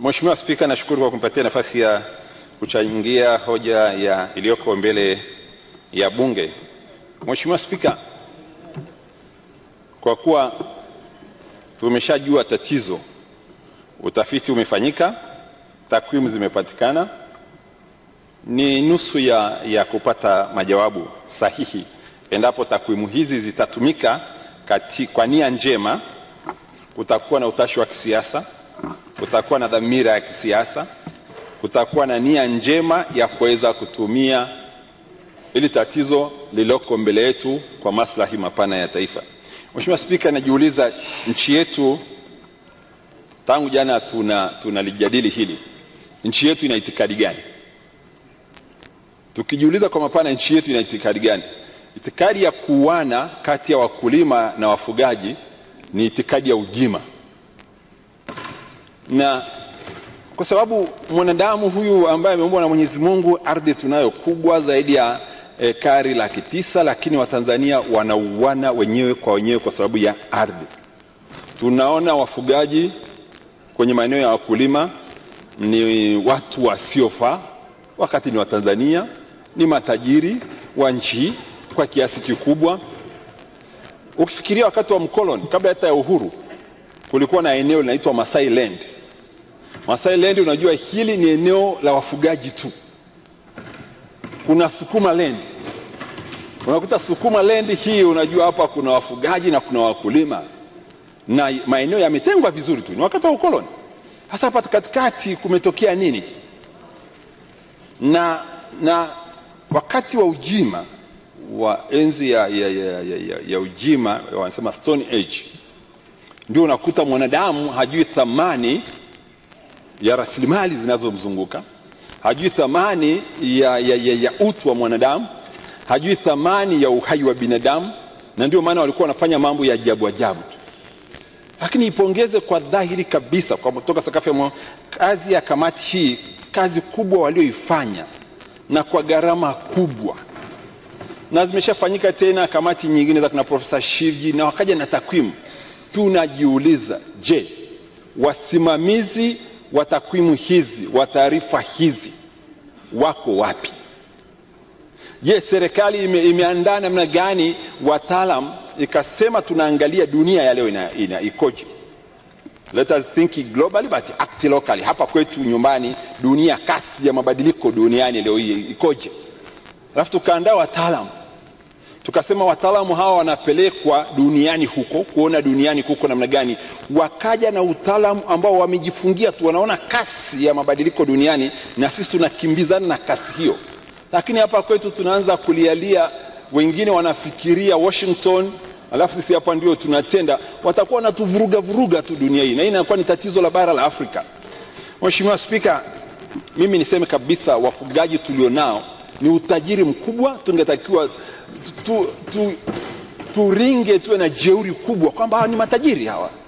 Mheshimiwa Spika, nashukuru kwa kunipatia nafasi ya kuchangia hoja ya iliyoko mbele ya Bunge. Mheshimiwa Spika, kwa kuwa tumeshajua tatizo, utafiti umefanyika, takwimu zimepatikana, ni nusu ya, ya kupata majawabu sahihi endapo takwimu hizi zitatumika kati, kwa nia njema, kutakuwa na utashi wa kisiasa kutakuwa na dhamira ya kisiasa, kutakuwa na nia njema ya kuweza kutumia ili tatizo lililoko mbele yetu kwa maslahi mapana ya taifa. Mheshimiwa Spika, najiuliza nchi yetu, tangu jana tunalijadili hili, nchi yetu ina itikadi gani? Tukijiuliza kwa mapana, nchi yetu ina itikadi gani? Itikadi ya kuuana kati ya wakulima na wafugaji ni itikadi ya ujima na kwa sababu mwanadamu huyu ambaye ameumbwa na Mwenyezi Mungu, ardhi tunayo kubwa zaidi ya ekari eh, laki tisa, lakini Watanzania wanauana wenyewe kwa wenyewe kwa sababu ya ardhi. Tunaona wafugaji kwenye maeneo ya wakulima ni watu wasiofaa, wakati ni Watanzania, ni matajiri wa nchi kwa kiasi kikubwa. Ukifikiria wakati wa mkoloni, kabla hata ya uhuru, kulikuwa na eneo linaitwa Masai Land Masai Land unajua hili ni eneo la wafugaji tu. Kuna Sukuma Land, unakuta Sukuma Land hii unajua hapa kuna wafugaji na kuna wakulima na maeneo yametengwa vizuri tu, ni wakati wa ukoloni. Hasa hapa katikati kumetokea nini? Na, na wakati wa ujima wa enzi ya, ya, ya, ya, ya ujima wanasema Stone Age, ndio unakuta mwanadamu hajui thamani ya rasilimali zinazomzunguka hajui thamani ya, ya, ya, ya utu wa mwanadamu hajui thamani ya uhai wa binadamu na ndio maana walikuwa wanafanya mambo ya ajabu ajabu tu lakini ipongeze kwa dhahiri kabisa kutoka sakafu ya moyo kazi ya kamati hii kazi kubwa walioifanya na kwa gharama kubwa na zimeshafanyika tena kamati nyingine za kina profesa shivji na wakaja na takwimu tunajiuliza je wasimamizi wa takwimu hizi wa taarifa hizi wako wapi? Je, serikali ime, imeandaa namna gani wataalam ikasema tunaangalia dunia ya leo ina, ina ikoje? Let us think globally but act locally. Hapa kwetu nyumbani, dunia, kasi ya mabadiliko duniani leo hii ikoje? Alafu tukaandaa wataalam tukasema wataalamu hawa wanapelekwa duniani huko kuona duniani kuko namna gani. Wakaja na utaalamu ambao wamejifungia tu, wanaona kasi ya mabadiliko duniani na sisi tunakimbizana na kasi hiyo, lakini hapa kwetu tunaanza kulialia. Wengine wanafikiria Washington, alafu sisi hapa ndio tunatenda. Watakuwa wanatuvuruga vuruga tu dunia hii, na hii inakuwa ni tatizo la bara la Afrika. Mheshimiwa Spika, mimi niseme kabisa, wafugaji tulionao ni utajiri mkubwa. Tungetakiwa tu, tu, turinge tuwe na jeuri kubwa kwamba hawa ni matajiri hawa.